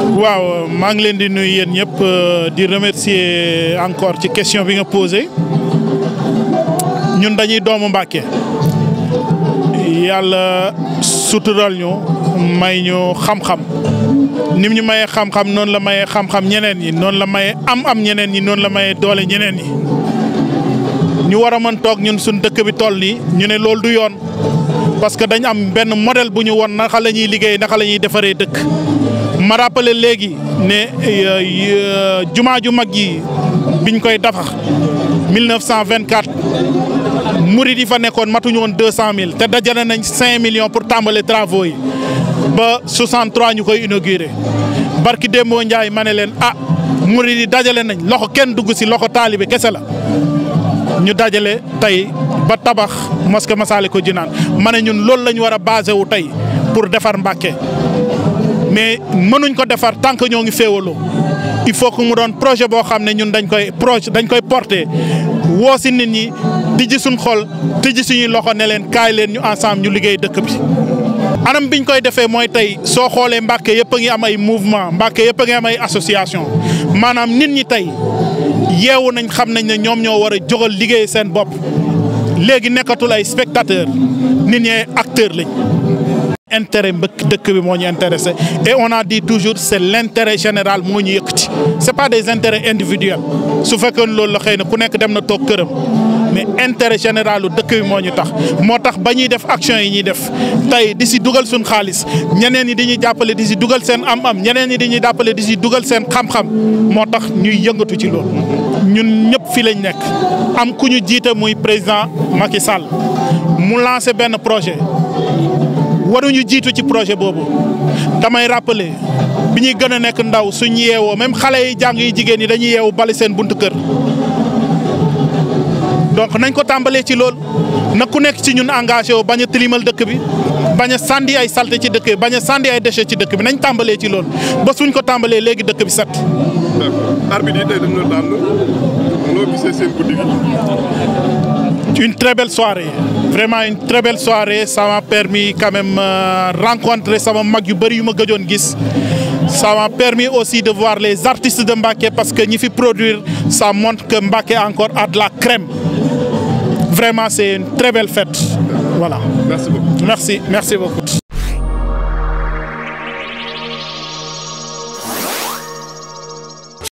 waaw maa ngi leen di nuyu yéen ñëpp euh, di remercier encore ci question bi nga posé ñun dañuy doomu Mbàkke yàlla sutural ñu may ñu xam-xam nim ñu mayee xam-xam noonu la mayee xam-xam ñeneen ñi noonu la mayee am-am ñeneen ñi noonu la mayee doole ñeneen ñi ñu war a mën toog ñun suñ dëkk bi toll nii ñu ne loolu du yoon parce que dañ am benn modèle bu ñu won naka la ñuy liggéey naka la ñuy defaree dëkk. ma rappelé léegi ne euh, euh, jumaa ju mag yi biñ koy dafax 1924 murid yi fa nekkoon matuñu woon 200000 te dajale nañ 5 millions pour tàmbale travaux yi ba 63 ñu koy inauguré barki démboo Ndiaye ma ne leen ah murid yi dajale nañ loxo kenn dugg si loxo taalibe kese la ñu dajale tey ba tabax mosquée Massalikul Jinaan ma ne ñun loolu la ñu war a basé wu tey pour defar Mbàkke mais mënuñ ko defar tant que ñoo ngi féewaloo il faut que mu doon projet boo xam ne ñun dañ koy projet dañ koy porter woo si nit ñi tijji suñ xol tijji suñuy loxo ne leen kaay leen ñu ensemble ñu liggéey dëkk bi. anam ñu koy defee mooy tey soo xoolee Mbàkke yëpp a ngi am ay mouvement Mbàkke yëpp a ngi am ay association maanaam nit ñi tey yeewu nañ xam nañ ne ñoom ñoo war a jógal liggéey seen bopp léegi nekkatul ay spectateur nit ñee acteur lañ. intérêt mbëkk dëkk bi moo ñu intéressé et on a dit toujours c' est général moo ñu yëkkati c' est pas des intérêts individuels su fekkee loolu la xëy na ku nekk dem na toog këram mais intérêt général lu dëkk bi moo ñu tax moo tax ba ñuy def action yi ñuy def tey di si dugal suñ xaalis ñeneen yi di ñuy jàppale di si dugal seen am ñeneen ñi di ñuy di si dugal seen xam-xam moo tax ñuy yëngatu ci lool ñun ñëpp fi lañ nekk am ku ñu jiite muy président Macky Sall mu lancé benn projet. waruñu jiitu ci projet boobu damay rappeler bi ñuy gën a nekk ndaw suñu yeewoo même xale yi jàng yi jigéen ñi dañuy yeewu bale seen buntu kër. donc nañ ko tàmbalee ci lool na ku nekk ci ñun engagé wu bañ tilimal dëkk bi bañ a sànni ay salté ci dëkk bi bañ a sànni ay déchets ci dëkk bi nañ tàmbalee ci lool ba suñ ko tàmbalee léegi dëkk bi set. d'accord une très belle soirée. vraiment une très belle soirée ça m'a permis quand même euh, sama mag yu bëri yu ma gëjoon gis ça m'a permis aussi de voir les artistes de Mbacké parce que ñi fi produire ça montre que Mbacké encore a de la crème vraiment c'est une très belle fête voilà